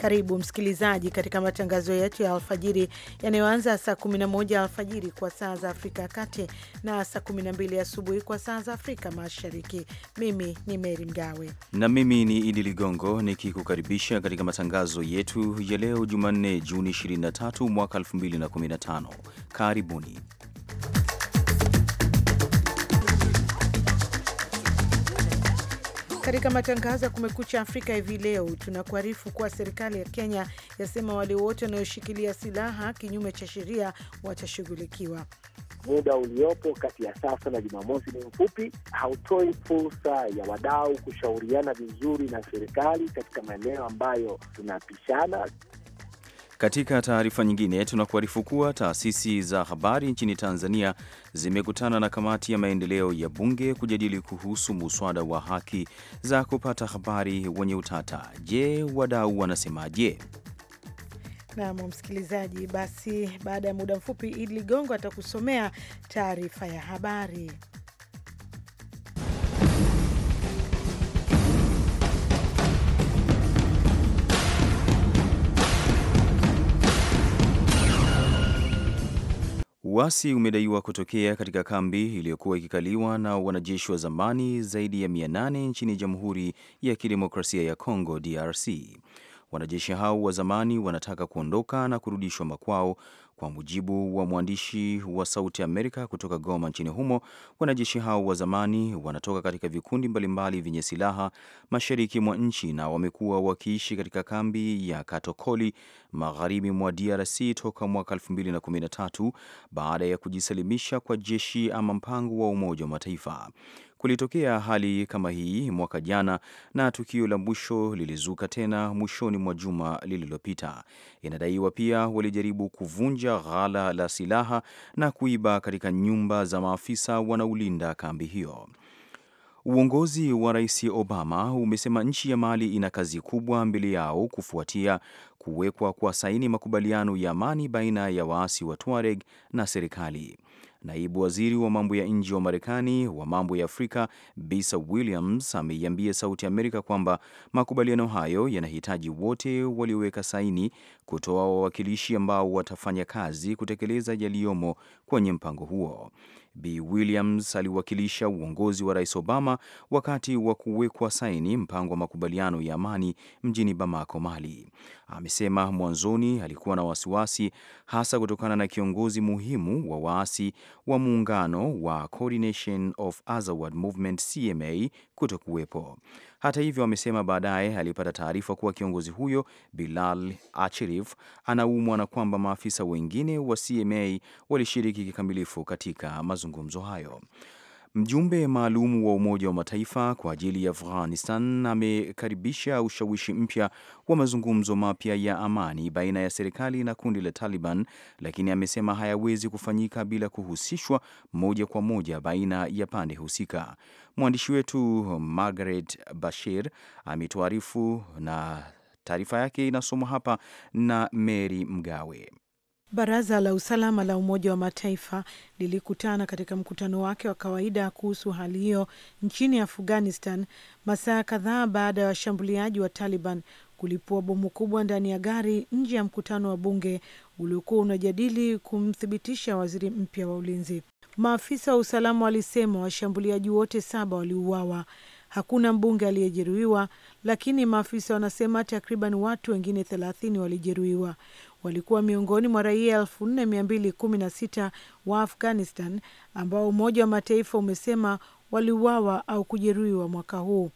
Karibu msikilizaji katika matangazo yetu ya alfajiri yanayoanza saa 11 alfajiri kwa saa za Afrika ya Kati na saa 12 asubuhi kwa saa za Afrika Mashariki. Mimi ni Meri Mgawe na mimi ni Idi Ligongo nikikukaribisha katika matangazo yetu ya leo Jumanne, Juni 23 mwaka 2015. Karibuni. Katika matangazo ya Kumekucha Afrika hivi leo, tunakuarifu kuwa serikali ya Kenya yasema wale wote wanaoshikilia silaha kinyume cha sheria watashughulikiwa. Muda uliopo kati ya sasa na Jumamosi ni mfupi, hautoi fursa ya wadau kushauriana vizuri na serikali katika maeneo ambayo tunapishana. Katika taarifa nyingine, tunakuarifu kuwa taasisi za habari nchini Tanzania zimekutana na kamati ya maendeleo ya bunge kujadili kuhusu muswada wa haki za kupata habari wenye utata. Je, wadau wanasemaje? Nam msikilizaji, basi baada ya muda mfupi Idi Ligongo atakusomea taarifa ya habari. Uasi umedaiwa kutokea katika kambi iliyokuwa ikikaliwa na wanajeshi wa zamani zaidi ya 800 nchini Jamhuri ya Kidemokrasia ya Kongo DRC. Wanajeshi hao wa zamani wanataka kuondoka na kurudishwa makwao kwa mujibu wa mwandishi wa Sauti Amerika kutoka Goma nchini humo, wanajeshi hao wa zamani wanatoka katika vikundi mbalimbali vyenye silaha mashariki mwa nchi na wamekuwa wakiishi katika kambi ya Katokoli magharibi mwa DRC toka mwaka 2013 baada ya kujisalimisha kwa jeshi ama mpango wa Umoja wa Mataifa. Kulitokea hali kama hii mwaka jana na tukio la mwisho lilizuka tena mwishoni mwa juma lililopita. Inadaiwa pia walijaribu kuvunja ghala la silaha na kuiba katika nyumba za maafisa wanaolinda kambi hiyo. Uongozi wa Rais Obama umesema nchi ya Mali ina kazi kubwa mbele yao kufuatia kuwekwa kwa saini makubaliano ya amani baina ya waasi wa Tuareg na serikali. Naibu waziri wa mambo ya nje wa Marekani wa mambo ya Afrika Bisa Williams ameiambia Sauti Amerika kwamba makubaliano hayo yanahitaji wote walioweka saini kutoa wawakilishi ambao watafanya kazi kutekeleza yaliyomo kwenye mpango huo. B Williams aliwakilisha uongozi wa Rais Obama wakati wa kuwekwa saini mpango wa makubaliano ya amani mjini Bamako, Mali. Amesema mwanzoni alikuwa na wasiwasi hasa kutokana na kiongozi muhimu wa waasi wa muungano wa Coordination of Azawad Movement CMA kutokuwepo. Hata hivyo, amesema baadaye alipata taarifa kuwa kiongozi huyo Bilal Achirif anaumwa na kwamba maafisa wengine wa CMA walishiriki kikamilifu katika mazungumzo hayo. Mjumbe maalum wa Umoja wa Mataifa kwa ajili ya Afghanistan amekaribisha ushawishi mpya wa mazungumzo mapya ya amani baina ya serikali na kundi la Taliban, lakini amesema hayawezi kufanyika bila kuhusishwa moja kwa moja baina ya pande husika. Mwandishi wetu Margaret Bashir ametuarifu na taarifa yake inasomwa hapa na Mary Mgawe. Baraza la usalama la Umoja wa Mataifa lilikutana katika mkutano wake wa kawaida kuhusu hali hiyo nchini Afghanistan masaa kadhaa baada ya washambuliaji wa Taliban kulipua bomu kubwa ndani ya gari nje ya mkutano wa bunge uliokuwa unajadili kumthibitisha waziri mpya wa ulinzi. Maafisa wa usalama walisema washambuliaji wote saba waliuawa. Hakuna mbunge aliyejeruhiwa, lakini maafisa wanasema takriban watu wengine thelathini walijeruhiwa walikuwa miongoni mwa raia 4216 wa Afghanistan ambao Umoja wa Mataifa umesema waliuawa au kujeruhiwa mwaka huu.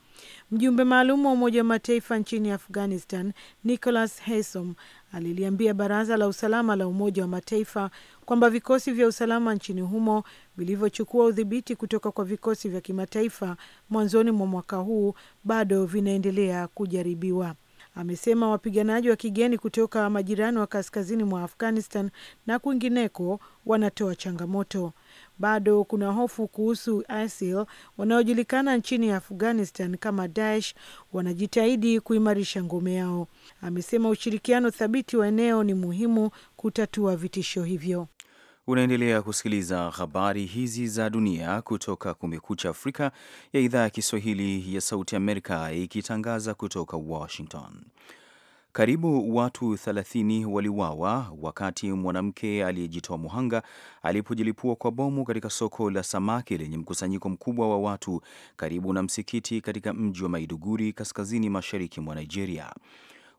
Mjumbe maalum wa Umoja wa Mataifa nchini Afghanistan, Nicholas Haysom, aliliambia Baraza la Usalama la Umoja wa Mataifa kwamba vikosi vya usalama nchini humo vilivyochukua udhibiti kutoka kwa vikosi vya kimataifa mwanzoni mwa mwaka huu bado vinaendelea kujaribiwa amesema wapiganaji wa kigeni kutoka majirani wa kaskazini mwa Afghanistan na kwingineko wanatoa changamoto. Bado kuna hofu kuhusu ISIL wanaojulikana nchini Afghanistan kama Daesh wanajitahidi kuimarisha ngome yao. Amesema ushirikiano thabiti wa eneo ni muhimu kutatua vitisho hivyo. Unaendelea kusikiliza habari hizi za dunia kutoka Kumekucha Afrika ya idhaa ya Kiswahili ya Sauti Amerika ikitangaza kutoka Washington. Karibu watu 30 waliuawa wakati mwanamke aliyejitoa muhanga alipojilipua kwa bomu katika soko la samaki lenye mkusanyiko mkubwa wa watu karibu na msikiti katika mji wa Maiduguri kaskazini mashariki mwa Nigeria.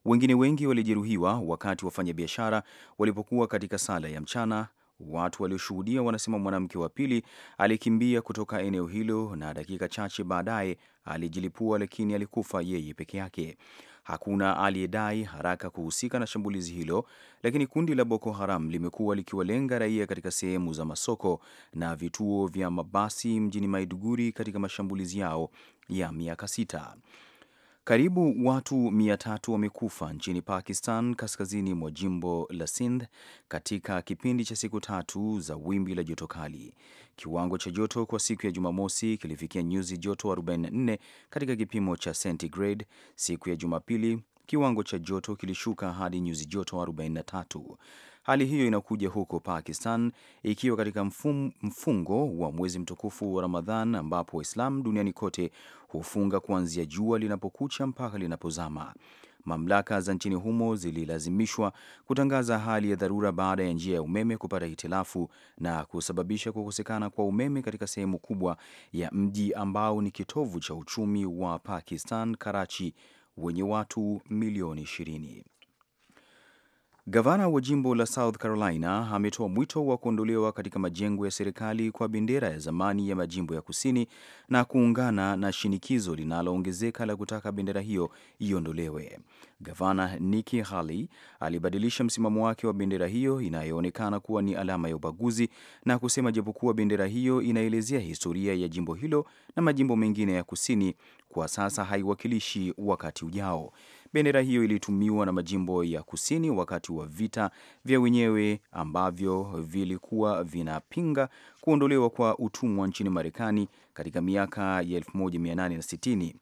Wengine wengi walijeruhiwa wakati wafanyabiashara walipokuwa katika sala ya mchana Watu walioshuhudia wanasema mwanamke wa pili alikimbia kutoka eneo hilo na dakika chache baadaye alijilipua, lakini alikufa yeye peke yake. Hakuna aliyedai haraka kuhusika na shambulizi hilo, lakini kundi la Boko Haram limekuwa likiwalenga raia katika sehemu za masoko na vituo vya mabasi mjini Maiduguri katika mashambulizi yao ya miaka sita. Karibu watu 3 wamekufa nchini Pakistan kaskazini mwa jimbo la Sindh katika kipindi cha siku tatu za wimbi la joto kali. Kiwango cha joto kwa siku ya Jumamosi kilifikia nyuzi joto 44 katika kipimo cha centigrade. Siku ya Jumapili kiwango cha joto kilishuka hadi nyuzi joto 43. Hali hiyo inakuja huko Pakistan ikiwa katika mfum, mfungo wa mwezi mtukufu wa Ramadhan ambapo Waislamu duniani kote hufunga kuanzia jua linapokucha mpaka linapozama. Mamlaka za nchini humo zililazimishwa kutangaza hali ya dharura baada ya njia ya umeme kupata hitilafu na kusababisha kukosekana kwa umeme katika sehemu kubwa ya mji ambao ni kitovu cha uchumi wa Pakistan, Karachi, wenye watu milioni ishirini Gavana wa jimbo la South Carolina ametoa mwito wa kuondolewa katika majengo ya serikali kwa bendera ya zamani ya majimbo ya kusini na kuungana na shinikizo linaloongezeka la kutaka bendera hiyo iondolewe. Gavana Nikki Haley alibadilisha msimamo wake wa bendera hiyo inayoonekana kuwa ni alama ya ubaguzi na kusema japokuwa bendera hiyo inaelezea historia ya jimbo hilo na majimbo mengine ya kusini, kwa sasa haiwakilishi wakati ujao. Bendera hiyo ilitumiwa na majimbo ya kusini wakati wa vita vya wenyewe ambavyo vilikuwa vinapinga kuondolewa kwa utumwa nchini Marekani katika miaka ya 1860.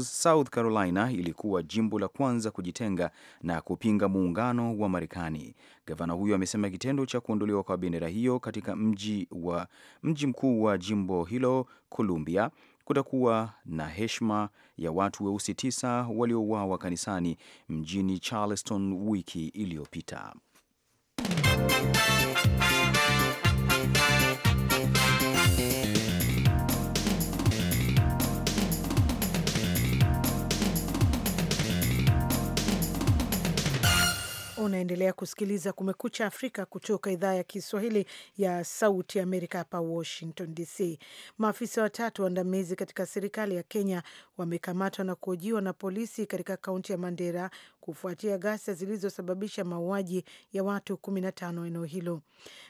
South Carolina ilikuwa jimbo la kwanza kujitenga na kupinga muungano wa Marekani. Gavana huyo amesema kitendo cha kuondolewa kwa bendera hiyo katika mji wa mji mkuu wa jimbo hilo Columbia kutakuwa na heshima ya watu weusi tisa waliouawa kanisani mjini Charleston wiki iliyopita. unaendelea kusikiliza Kumekucha Afrika kutoka idhaa ya Kiswahili ya Sauti ya Amerika hapa Washington DC. Maafisa watatu waandamizi katika serikali ya Kenya wamekamatwa na kuhojiwa na polisi katika kaunti ya Mandera kufuatia ghasia zilizosababisha mauaji ya watu 15 eneo hilo.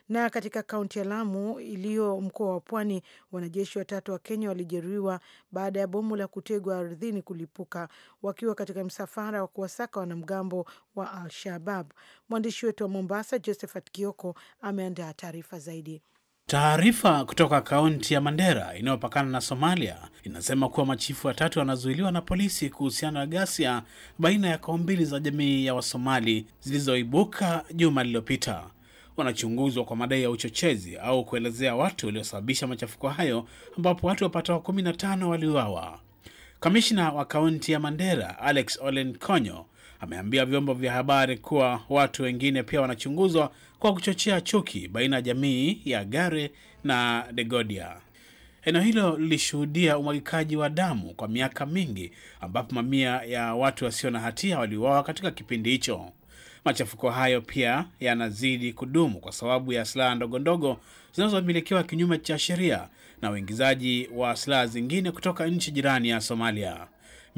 Na katika kaunti ya Lamu iliyo mkoa wa Pwani, wanajeshi watatu wa Kenya walijeruhiwa baada ya bomu la kutegwa ardhini kulipuka wakiwa katika msafara wa kuwasaka wanamgambo wa Al Shabab. Mwandishi wetu wa Mombasa, Josephat Kioko, ameandaa taarifa zaidi. Taarifa kutoka kaunti ya Mandera inayopakana na Somalia inasema kuwa machifu watatu wanazuiliwa na polisi kuhusiana na ghasia baina ya koo mbili za jamii ya Wasomali zilizoibuka juma lililopita. Wanachunguzwa kwa madai ya uchochezi au kuelezea watu waliosababisha machafuko hayo, ambapo watu wapatao kumi na tano waliuawa. Kamishna wa kaunti ya Mandera Alex Olen Konyo ameambia vyombo vya habari kuwa watu wengine pia wanachunguzwa kwa kuchochea chuki baina ya jamii ya Gare na Degodia. Eneo hilo lilishuhudia umwagikaji wa damu kwa miaka mingi, ambapo mamia ya watu wasio na hatia waliuawa katika kipindi hicho. Machafuko hayo pia yanazidi kudumu kwa sababu ya silaha ndogondogo zinazomilikiwa kinyume cha sheria na uingizaji wa silaha zingine kutoka nchi jirani ya Somalia.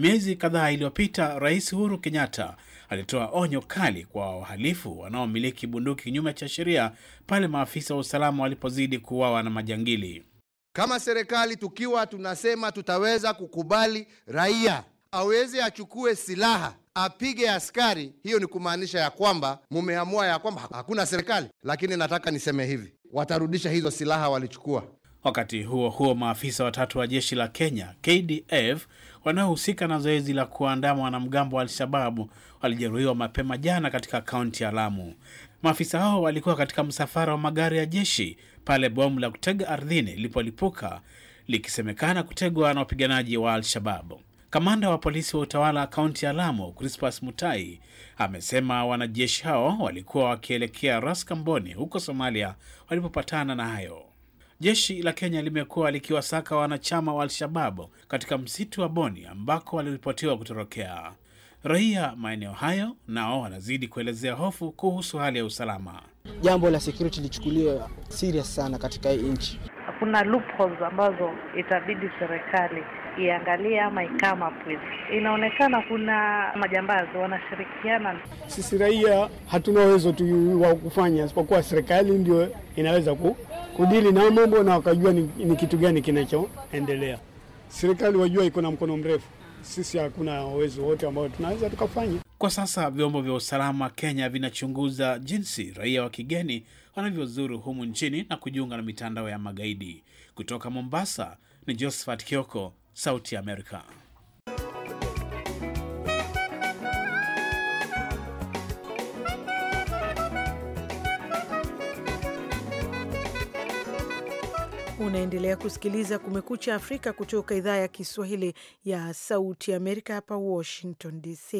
Miezi kadhaa iliyopita, Rais Uhuru Kenyatta alitoa onyo kali kwa wahalifu wanaomiliki bunduki kinyume cha sheria pale maafisa wa usalama walipozidi kuuawa na majangili. Kama serikali tukiwa tunasema tutaweza kukubali raia aweze achukue silaha apige askari, hiyo ni kumaanisha ya kwamba mumeamua ya kwamba hakuna serikali. Lakini nataka niseme hivi, watarudisha hizo silaha walichukua. Wakati huo huo, maafisa watatu wa jeshi la Kenya KDF wanaohusika na zoezi la kuandama wanamgambo wa Alshababu walijeruhiwa mapema jana katika kaunti ya Lamu. Maafisa hao walikuwa katika msafara wa magari ya jeshi pale bomu la kutega ardhini lilipolipuka likisemekana kutegwa na wapiganaji wa Alshababu. Kamanda wa polisi wa utawala kaunti ya Lamu, Crispas Mutai, amesema wanajeshi hao walikuwa wakielekea Ras Kamboni huko Somalia walipopatana na hayo. Jeshi la Kenya limekuwa likiwasaka wanachama wa Al-Shababu katika msitu wa Boni ambako waliripotiwa kutorokea. Raia maeneo hayo nao wanazidi kuelezea hofu kuhusu hali ya usalama. Jambo la security lichukuliwa serious sana katika hii nchi. Kuna loopholes ambazo itabidi serikali iangalie ama ikama Inaonekana kuna majambazi wanashirikiana. Sisi raia hatuna uwezo tu wa kufanya, isipokuwa serikali ndio inaweza ku kudili na mambo na wakajua ni, ni kitu gani kinachoendelea. Serikali wajua iko na mkono mrefu, sisi hakuna uwezo wote ambao tunaweza tukafanya. Kwa sasa vyombo vya usalama Kenya vinachunguza jinsi raia wa kigeni wanavyozuru humu nchini na kujiunga na mitandao ya magaidi. Kutoka Mombasa ni Josephat Kioko, Sauti ya Amerika. Unaendelea kusikiliza Kumekucha Afrika kutoka idhaa ya Kiswahili ya Sauti ya Amerika, hapa Washington DC.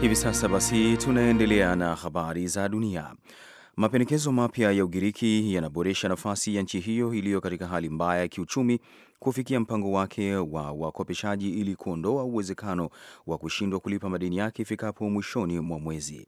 Hivi sasa basi, tunaendelea na habari za dunia. Mapendekezo mapya ya Ugiriki yanaboresha nafasi ya nchi hiyo iliyo katika hali mbaya ya kiuchumi kufikia mpango wake wa wakopeshaji ili kuondoa uwezekano wa kushindwa kulipa madeni yake ifikapo mwishoni mwa mwezi.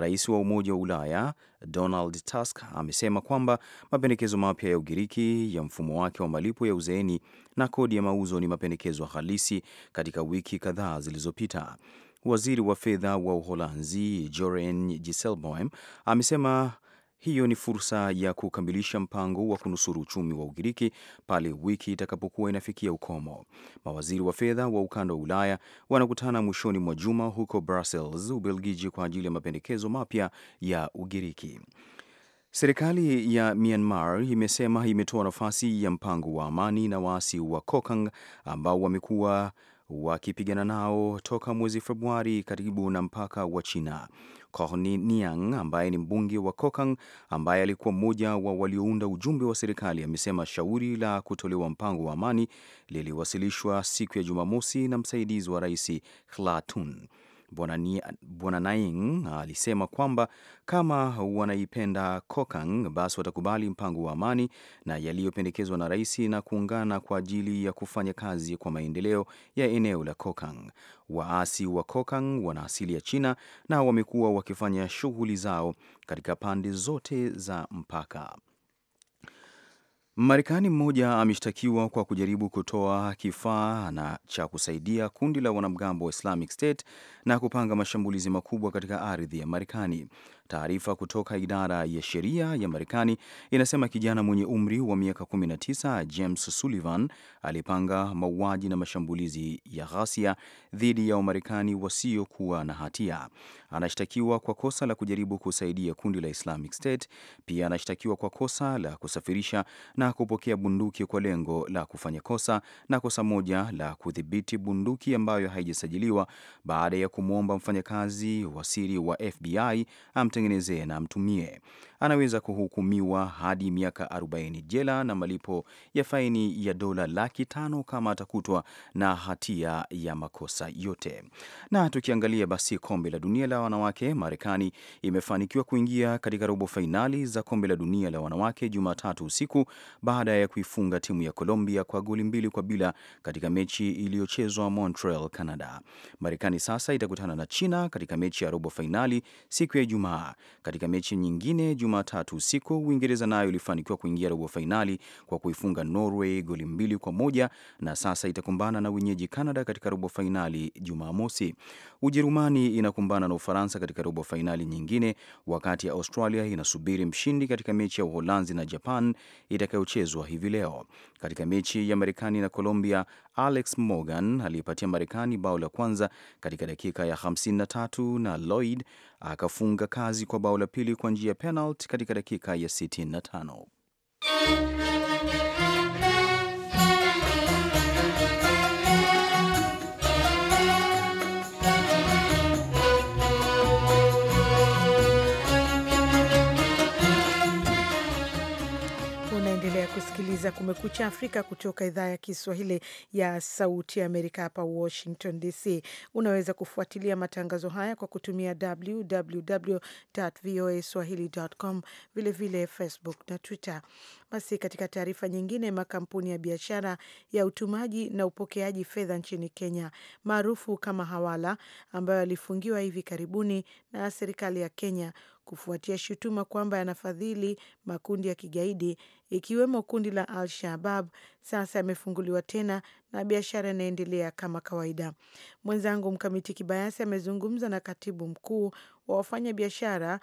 Rais wa Umoja wa Ulaya Donald Tusk amesema kwamba mapendekezo mapya ya Ugiriki ya mfumo wake wa malipo ya uzeeni na kodi ya mauzo ni mapendekezo halisi katika wiki kadhaa zilizopita. Waziri wa fedha wa Uholanzi Joren jiselbom amesema hiyo ni fursa ya kukamilisha mpango wa kunusuru uchumi wa Ugiriki pale wiki itakapokuwa inafikia ukomo. Mawaziri wa fedha wa ukanda wa Ulaya wanakutana mwishoni mwa juma huko Brussels, Ubelgiji, kwa ajili ya mapendekezo mapya ya Ugiriki. Serikali ya Myanmar imesema imetoa nafasi ya mpango wa amani na waasi wa Kokang ambao wamekuwa wakipigana nao toka mwezi Februari karibu na mpaka wa China. Corny Niang ambaye ni mbunge wa Kokang ambaye alikuwa mmoja wa waliounda ujumbe wa serikali amesema shauri la kutolewa mpango wa amani liliwasilishwa siku ya Jumamosi na msaidizi wa rais Khlatun. Bwana Naing alisema kwamba kama wanaipenda Kokang basi watakubali mpango wa amani na yaliyopendekezwa na rais na kuungana kwa ajili ya kufanya kazi kwa maendeleo ya eneo la Kokang. Waasi wa Kokang wana asili ya China na wamekuwa wakifanya shughuli zao katika pande zote za mpaka. Marekani mmoja ameshtakiwa kwa kujaribu kutoa kifaa na cha kusaidia kundi la wanamgambo wa Islamic State na kupanga mashambulizi makubwa katika ardhi ya Marekani. Taarifa kutoka idara ya sheria ya Marekani inasema kijana mwenye umri wa miaka 19 James Sullivan alipanga mauaji na mashambulizi ya ghasia dhidi ya Wamarekani wasiokuwa na hatia. Anashtakiwa kwa kosa la kujaribu kusaidia kundi la Islamic State. Pia anashtakiwa kwa kosa la kusafirisha na kupokea bunduki kwa lengo la kufanya kosa na kosa moja la kudhibiti bunduki ambayo haijasajiliwa baada ya kumwomba mfanyakazi wa siri wa FBI amtengenezee na amtumie, anaweza kuhukumiwa hadi miaka 40 jela na malipo ya faini ya dola laki tano kama atakutwa na hatia ya makosa yote. Na tukiangalia basi kombe la dunia la wanawake, Marekani imefanikiwa kuingia katika robo fainali za kombe la dunia la wanawake Jumatatu usiku baada ya kuifunga timu ya Colombia kwa goli mbili kwa bila katika mechi iliyochezwa Montreal, Canada. Marekani sasa itakutana na China katika mechi ya robo fainali siku ya Ijumaa katika mechi nyingine Jumatatu usiku, Uingereza nayo ilifanikiwa kuingia robo fainali kwa kuifunga Norway goli mbili kwa moja na sasa itakumbana na wenyeji Canada katika robo fainali Jumamosi. Ujerumani inakumbana na Ufaransa katika robo fainali nyingine, wakati Australia inasubiri mshindi katika mechi ya Uholanzi na Japan itakayochezwa hivi leo. Katika mechi ya Marekani na Colombia, Alex Morgan aliyepatia Marekani bao la kwanza katika dakika ya 53 na Lloyd akafunga kazi kwa bao la pili kwa njia ya penalti katika dakika ya 65. unasikiliza Kumekucha Afrika kutoka idhaa ya Kiswahili ya Sauti ya Amerika hapa Washington DC. Unaweza kufuatilia matangazo haya kwa kutumia www voa swahili com, vilevile Facebook na Twitter. Basi katika taarifa nyingine, makampuni ya biashara ya utumaji na upokeaji fedha nchini Kenya maarufu kama Hawala ambayo yalifungiwa hivi karibuni na serikali ya Kenya kufuatia shutuma kwamba yanafadhili makundi ya kigaidi ikiwemo kundi la Al Shabab sasa yamefunguliwa tena na biashara inaendelea kama kawaida. Mwenzangu Mkamiti Kibayasi amezungumza na katibu mkuu wa wafanyabiashara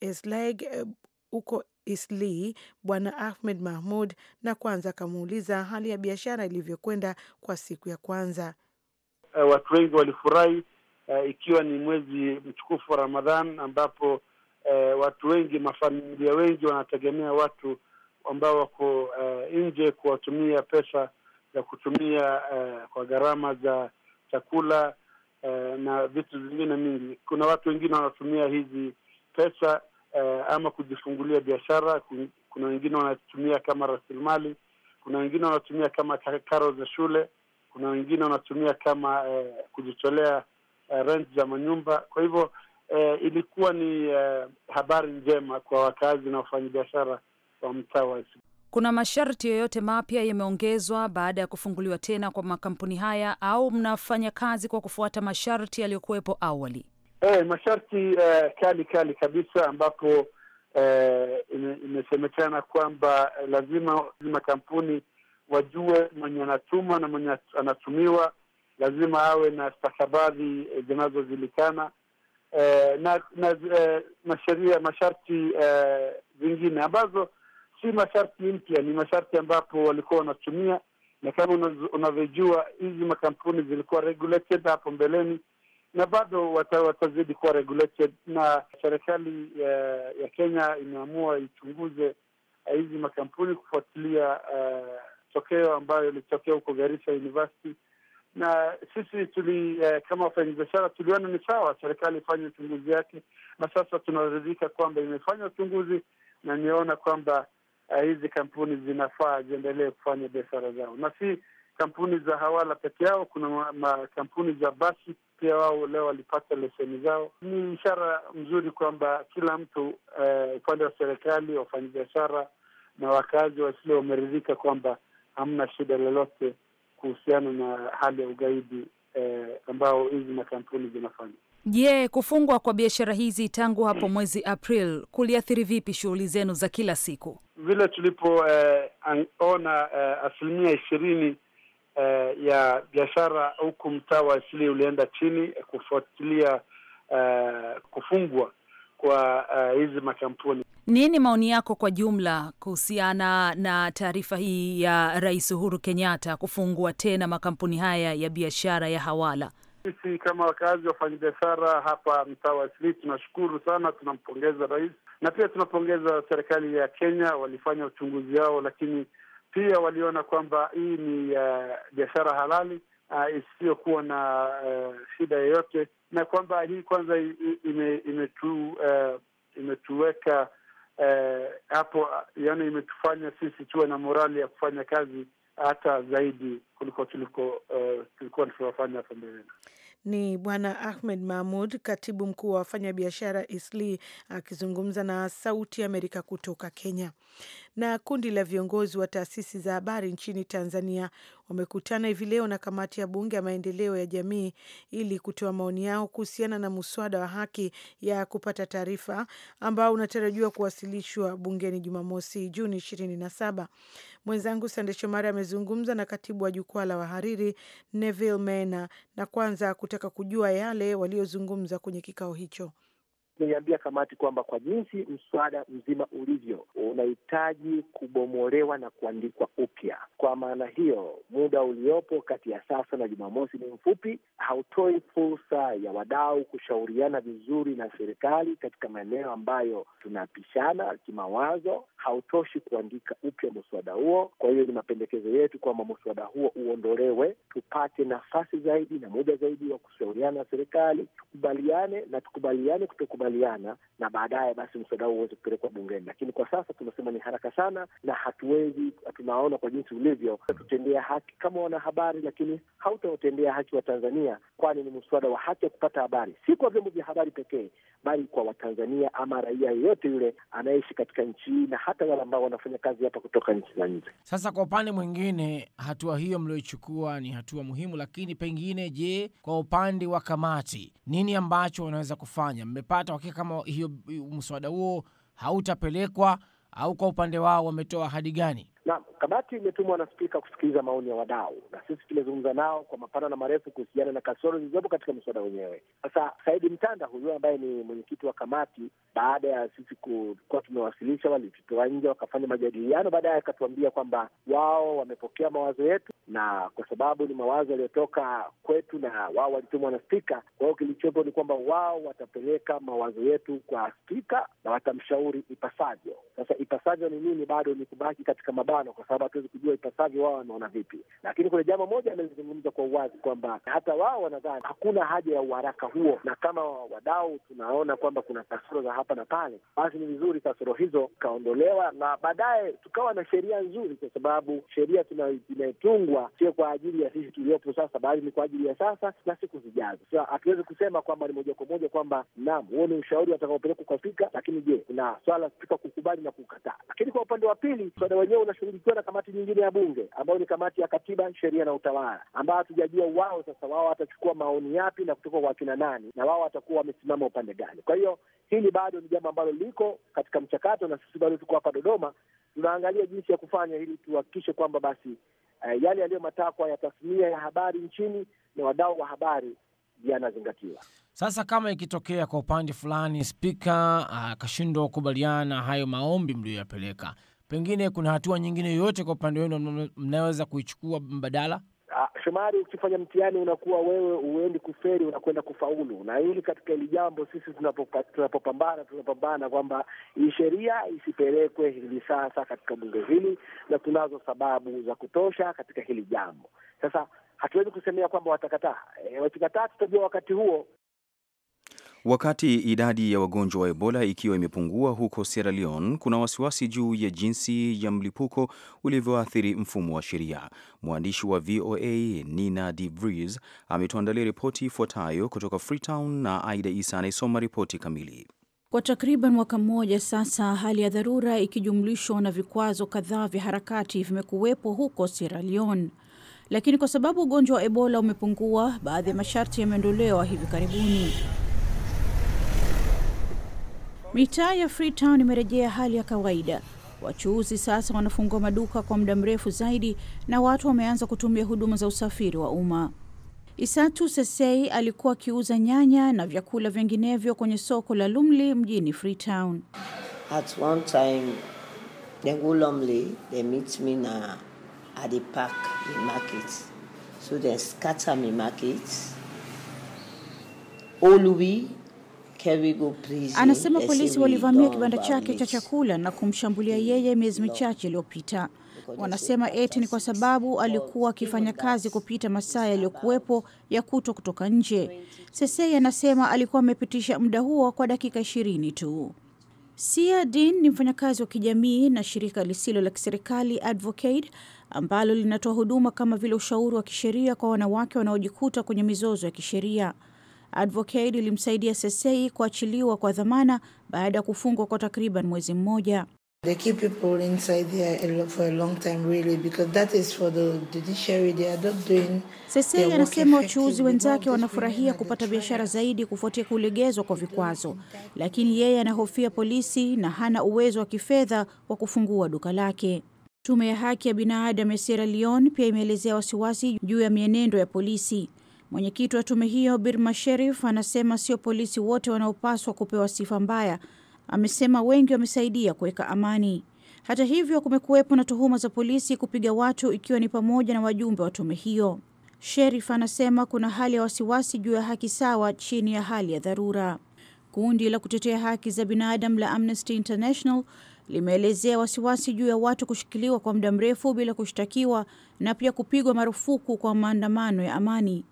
Eslaig eh, huko Isli Bwana Ahmed Mahmud na kwanza akamuuliza hali ya biashara ilivyokwenda kwa siku ya kwanza. Uh, watu wengi walifurahi uh, ikiwa ni mwezi mtukufu wa Ramadhan ambapo uh, watu wengi, mafamilia wengi wanategemea watu ambao wako uh, nje kuwatumia pesa za kutumia uh, kwa gharama za chakula uh, na vitu vingine mingi. Kuna watu wengine wanatumia hizi pesa eh, ama kujifungulia biashara. Kuna wengine wanatumia kama rasilimali, kuna wengine wanatumia kama karo za shule, kuna wengine wanatumia kama eh, kujitolea eh, rent za manyumba. Kwa hivyo eh, ilikuwa ni eh, habari njema kwa wakazi na wafanyabiashara wa mtaa wa kuna masharti yoyote mapya yameongezwa baada ya kufunguliwa tena kwa makampuni haya, au mnafanya kazi kwa kufuata masharti yaliyokuwepo awali? eh, masharti eh, kali kali kabisa ambapo eh, imesemekana kwamba eh, lazima lazima kampuni wajue mwenye anatuma na mwenye anatumiwa, lazima awe na stakabadhi eh, zinazojulikana eh, na na eh, masheria masharti eh, zingine ambazo si masharti mpya, ni masharti ambapo walikuwa wanatumia, na kama unavyojua hizi makampuni zilikuwa regulated hapo mbeleni na bado watazidi kuwa regulated, na serikali ya, ya Kenya imeamua ichunguze eh, hizi makampuni kufuatilia uh, tokeo ambayo ilitokea huko Garissa University, na sisi tuli uh, kama wafanyabiashara tuliona ni sawa serikali ifanye uchunguzi yake, na sasa tunaridhika kwamba imefanya uchunguzi na imeona kwamba uh, hizi kampuni zinafaa ziendelee kufanya biashara zao, na si kampuni za hawala peke yao. Kuna makampuni ma za basi pia wao leo walipata leseni zao. Ni ishara mzuri kwamba kila mtu upande eh, upande wa serikali, wafanyabiashara na wakazi wa wameridhika kwamba hamna shida lolote kuhusiana na hali ya ugaidi eh, ambao hizi makampuni zinafanya. Je, kufungwa kwa biashara hizi tangu hapo mwezi April kuliathiri vipi shughuli zenu za kila siku? Vile tulipoona eh, eh, asilimia ishirini eh, ya biashara huku mtaa wa asili ulienda chini eh, kufuatilia eh, kufungwa kwa eh, hizi makampuni. Nini maoni yako kwa jumla kuhusiana na taarifa hii ya Rais Uhuru Kenyatta kufungua tena makampuni haya ya biashara ya hawala? Sisi kama wakazi wafanyabiashara hapa mtaa wa Isili tunashukuru sana, tunampongeza rais na pia tunapongeza serikali ya Kenya, walifanya uchunguzi wao, lakini pia waliona kwamba hii ni eh, biashara uh, halali uh, isiyokuwa na uh, shida yoyote, na kwamba hii kwanza uh, imetuweka hapo uh, yani imetufanya sisi tuwe na morali ya kufanya kazi hata zaidi kuliko tuliko uh, tulikuwa tunafanya hapo mbeleni. Ni Bwana Ahmed Mahmud, katibu mkuu wa wafanyabiashara ISLI akizungumza na Sauti Amerika kutoka Kenya na kundi la viongozi wa taasisi za habari nchini Tanzania wamekutana hivi leo na kamati ya bunge ya maendeleo ya jamii ili kutoa maoni yao kuhusiana na muswada wa haki ya kupata taarifa ambao unatarajiwa kuwasilishwa bungeni Jumamosi, Juni 27. Mwenzangu Sande Shomari amezungumza na katibu wa jukwaa la wahariri Neville Mena na kwanza kutaka kujua yale waliozungumza kwenye kikao hicho. Tumeiambia kamati kwamba kwa jinsi mswada mzima ulivyo unahitaji kubomolewa na kuandikwa upya. Kwa maana hiyo, muda uliopo kati ya sasa na Jumamosi ni mfupi, hautoi fursa ya wadau kushauriana vizuri na serikali katika maeneo ambayo tunapishana kimawazo hautoshi kuandika upya muswada huo. Kwa hiyo ni mapendekezo yetu kwamba muswada huo uondolewe, tupate nafasi zaidi na muda zaidi wa kushauriana na serikali, tukubaliane na tukubaliane kutokubaliana, na baadaye basi mswada huo uweze kupelekwa bungeni. Lakini kwa sasa tunasema ni haraka sana na hatuwezi, tunaona kwa jinsi ulivyo, tutendea haki kama wanahabari, lakini hautawatendea haki wa Tanzania, kwani ni mswada wa haki ya kupata habari, si kwa vyombo vya habari pekee, bali kwa Watanzania ama raia yeyote yule anayeishi katika nchi hii na hata wale ambao wanafanya kazi hapa kutoka nchi za nje. Sasa kwa upande mwingine, hatua hiyo mlioichukua ni hatua muhimu, lakini pengine, je, kwa upande wa kamati, nini ambacho wanaweza kufanya? Mmepata wakika kama hiyo mswada huo hautapelekwa au kwa upande wao wametoa ahadi gani? Na kamati imetumwa na spika kusikiliza maoni ya wadau, na sisi tumezungumza nao kwa mapana na marefu kuhusiana na kasoro zilizopo katika mswada wenyewe. Sasa Saidi Mtanda huyu ambaye ni mwenyekiti wa kamati, baada ya sisi kuwa tumewasilisha, walitutoa nje wakafanya majadiliano, baadaye akatuambia kwamba wao wamepokea mawazo yetu, na kwa sababu ni mawazo yaliyotoka kwetu na wao walitumwa na spika, kwa hiyo kilichopo ni kwamba wao watapeleka mawazo yetu kwa spika na watamshauri ipasavyo. Sasa ipasavyo ni nini? Bado ni kubaki katika mabaya mapambano, kwa sababu hatuwezi kujua ipasavyo wao wanaona vipi. Lakini kuna jambo moja amelizungumza kwa uwazi kwamba hata wao wanadhani hakuna haja ya uharaka huo, na kama wadau tunaona kwamba kuna kasoro za hapa na pale, basi ni vizuri kasoro hizo ikaondolewa na baadaye tukawa na sheria nzuri, kwa sababu sheria inayotungwa sio kwa ajili ya sisi tuliopo sasa, bali ni kwa ajili ya sasa na siku zijazo. So, hatuwezi kusema kwamba ni moja kwa moja kwamba naam, huo ni ushauri watakaopelekwa kwa Spika, lakini je, kuna swala Spika kukubali na kukataa. Lakini kwa upande wa pili, mswada wenyewe unash inashughulikiwa na kamati nyingine ya bunge ambayo ni kamati ya katiba, sheria na utawala, ambayo hatujajua wao sasa wao watachukua maoni yapi na kutoka kwa akina nani na wao watakuwa wamesimama upande gani. Kwa hiyo hili bado ni jambo ambalo liko katika mchakato, na sisi bado tuko hapa Dodoma tunaangalia jinsi ya kufanya ili tuhakikishe kwamba basi eh, yale yaliyo matakwa ya tasnia ya habari nchini na wadau wa habari yanazingatiwa. Sasa kama ikitokea kwa upande fulani spika ah, akashindwa uh, kukubaliana hayo maombi mliyoyapeleka pengine kuna hatua nyingine yoyote kwa upande wenu mnaweza kuichukua mbadala? Ah, Shomari, ukifanya mtihani unakuwa wewe huendi kuferi, unakwenda kufaulu. Na hili katika hili jambo sisi tunapopambana, tunapambana kwamba hii sheria isipelekwe hivi sasa katika bunge hili, na tunazo sababu za kutosha katika hili jambo. Sasa hatuwezi kusemea kwamba watakataa. E, wakikataa tutajua wakati huo Wakati idadi ya wagonjwa wa Ebola ikiwa imepungua huko Sierra Leone, kuna wasiwasi juu ya jinsi ya mlipuko ulivyoathiri mfumo wa sheria. Mwandishi wa VOA Nina de Vries ametuandalia ripoti ifuatayo kutoka Freetown na Aida Isa anayesoma ripoti kamili. Kwa takriban mwaka mmoja sasa, hali ya dharura ikijumlishwa na vikwazo kadhaa vya harakati vimekuwepo huko Sierra Leone, lakini kwa sababu ugonjwa wa Ebola umepungua, baadhi ya masharti yameondolewa hivi karibuni. Mitaa ya Freetown imerejea hali ya kawaida. Wachuuzi sasa wanafungua maduka kwa muda mrefu zaidi na watu wameanza kutumia huduma za usafiri wa umma. Isatu Sesei alikuwa akiuza nyanya na vyakula vinginevyo kwenye soko la Lumli mjini Freetown. At one time, Lumli, they meet me na at the park in market. So they scatter me market. Olubi Anasema polisi walivamia kibanda chake cha chakula na kumshambulia yeye miezi michache iliyopita. Wanasema eti ni kwa sababu alikuwa akifanya kazi kupita masaa yaliyokuwepo ya kuto kutoka nje. Sesei anasema alikuwa amepitisha muda huo kwa dakika ishirini tu. Sia Din ni mfanyakazi wa kijamii na shirika lisilo la kiserikali Advocate ambalo linatoa huduma kama vile ushauri wa kisheria kwa wanawake wanaojikuta kwenye mizozo ya kisheria. Advocate ilimsaidia Sesei kuachiliwa kwa dhamana baada ya kufungwa kwa takriban mwezi mmoja. They keep people inside for a long time really because that is for the judiciary they are not doing. Sesei anasema wachuuzi wenzake wanafurahia kupata biashara zaidi kufuatia kulegezwa kwa vikwazo, lakini yeye anahofia polisi na hana uwezo wa kifedha wa kufungua duka lake. Tume ya haki ya binadamu ya Sierra Leone pia imeelezea wasiwasi juu ya mienendo ya polisi. Mwenyekiti wa tume hiyo Birma Sherif anasema sio polisi wote wanaopaswa kupewa sifa mbaya. Amesema wengi wamesaidia kuweka amani. Hata hivyo, kumekuwepo na tuhuma za polisi kupiga watu, ikiwa ni pamoja na wajumbe wa tume hiyo. Sherif anasema kuna hali ya wasiwasi juu ya haki sawa chini ya hali ya dharura. Kundi la kutetea haki za binadamu la Amnesty International limeelezea wasiwasi juu ya watu kushikiliwa kwa muda mrefu bila kushtakiwa na pia kupigwa marufuku kwa maandamano ya amani.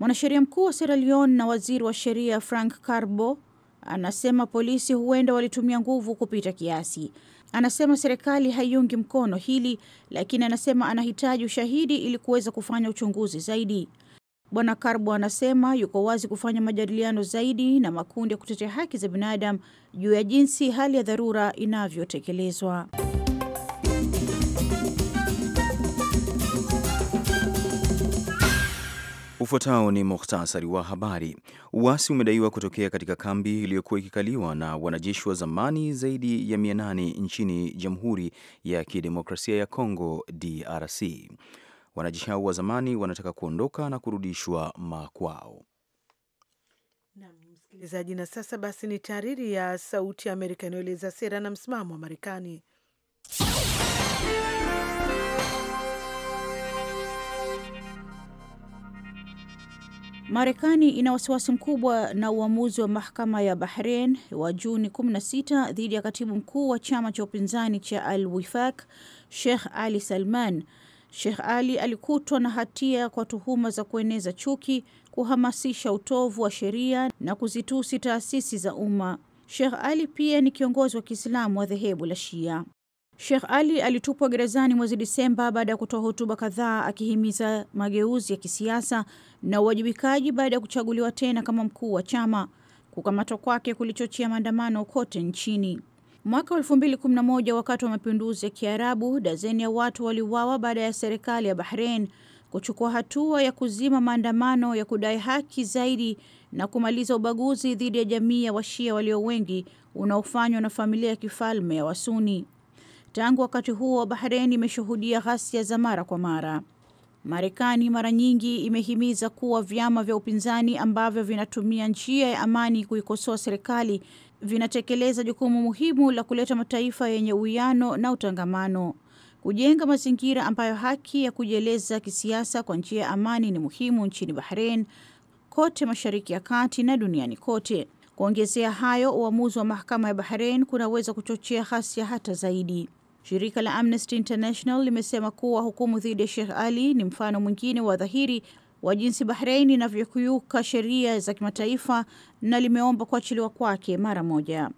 Mwanasheria mkuu wa Sierra Leone na waziri wa sheria Frank carbo anasema polisi huenda walitumia nguvu kupita kiasi. Anasema serikali haiungi mkono hili, lakini anasema anahitaji ushahidi ili kuweza kufanya uchunguzi zaidi. Bwana Karbo anasema yuko wazi kufanya majadiliano zaidi na makundi ya kutetea haki za binadamu juu ya jinsi hali ya dharura inavyotekelezwa. Ufuatao ni muhtasari wa habari. Uasi umedaiwa kutokea katika kambi iliyokuwa ikikaliwa na wanajeshi wa zamani zaidi ya 800 nchini Jamhuri ya Kidemokrasia ya Kongo, DRC. Wanajeshi hao wa zamani wanataka kuondoka na kurudishwa makwao. Msikilizaji, na sasa basi ni taariri ya Sauti ya Amerika inayoeleza sera na msimamo wa Marekani. Marekani ina wasiwasi mkubwa na uamuzi wa mahakama ya Bahrain wa Juni 16 dhidi ya katibu mkuu wa chama cha upinzani cha Al Wifak, Sheikh Ali Salman. Sheikh Ali alikutwa na hatia kwa tuhuma za kueneza chuki, kuhamasisha utovu wa sheria na kuzitusi taasisi za umma. Sheikh Ali pia ni kiongozi wa Kiislamu wa dhehebu la Shia. Sheikh Ali alitupwa gerezani mwezi Disemba baada ya kutoa hotuba kadhaa akihimiza mageuzi ya kisiasa na uwajibikaji baada ya kuchaguliwa tena kama mkuu wa chama. Kukamatwa kwake kulichochea maandamano kote nchini. Mwaka wa 2011 wakati wa mapinduzi ya Kiarabu, dazeni ya watu waliuawa baada ya serikali ya Bahrain kuchukua hatua ya kuzima maandamano ya kudai haki zaidi na kumaliza ubaguzi dhidi ya jamii ya Washia walio wengi unaofanywa na familia ya kifalme ya Wasuni. Tangu wakati huo, Bahrein imeshuhudia ghasia za mara kwa mara. Marekani mara nyingi imehimiza kuwa vyama vya upinzani ambavyo vinatumia njia ya amani kuikosoa serikali vinatekeleza jukumu muhimu la kuleta mataifa yenye uwiano na utangamano. Kujenga mazingira ambayo haki ya kujieleza kisiasa kwa njia ya amani ni muhimu nchini Bahrein, kote Mashariki ya Kati na duniani kote. Kuongezea hayo, uamuzi wa mahakama ya Bahrein kunaweza kuchochea ghasia hata zaidi. Shirika la Amnesty International limesema kuwa hukumu dhidi ya Sheikh Ali ni mfano mwingine wa dhahiri wa jinsi Bahrein inavyokiuka sheria za kimataifa na limeomba kuachiliwa kwake mara moja.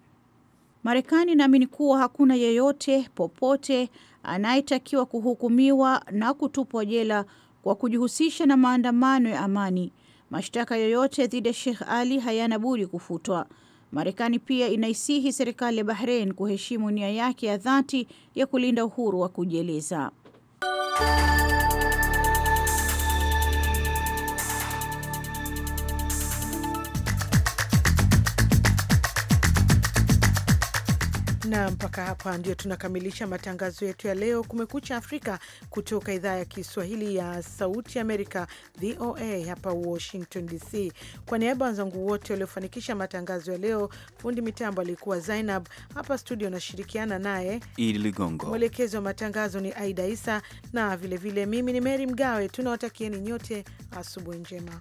Marekani inaamini kuwa hakuna yeyote popote anayetakiwa kuhukumiwa na kutupwa jela kwa kujihusisha na maandamano ya amani. Mashtaka yoyote dhidi ya Sheikh Ali hayana budi kufutwa. Marekani pia inaisihi serikali ya Bahrain kuheshimu nia yake ya dhati ya kulinda uhuru wa kujieleza. na mpaka hapa ndio tunakamilisha matangazo yetu ya leo Kumekucha Afrika kutoka idhaa ya Kiswahili ya Sauti Amerika, VOA hapa Washington DC. Kwa niaba ya wenzangu wote waliofanikisha matangazo ya leo, fundi mitambo alikuwa Zainab, hapa studio anashirikiana naye Idi Ligongo, mwelekezi wa matangazo ni Aida Isa na vilevile vile, mimi ni mery Mgawe. Tunawatakieni nyote asubuhi njema.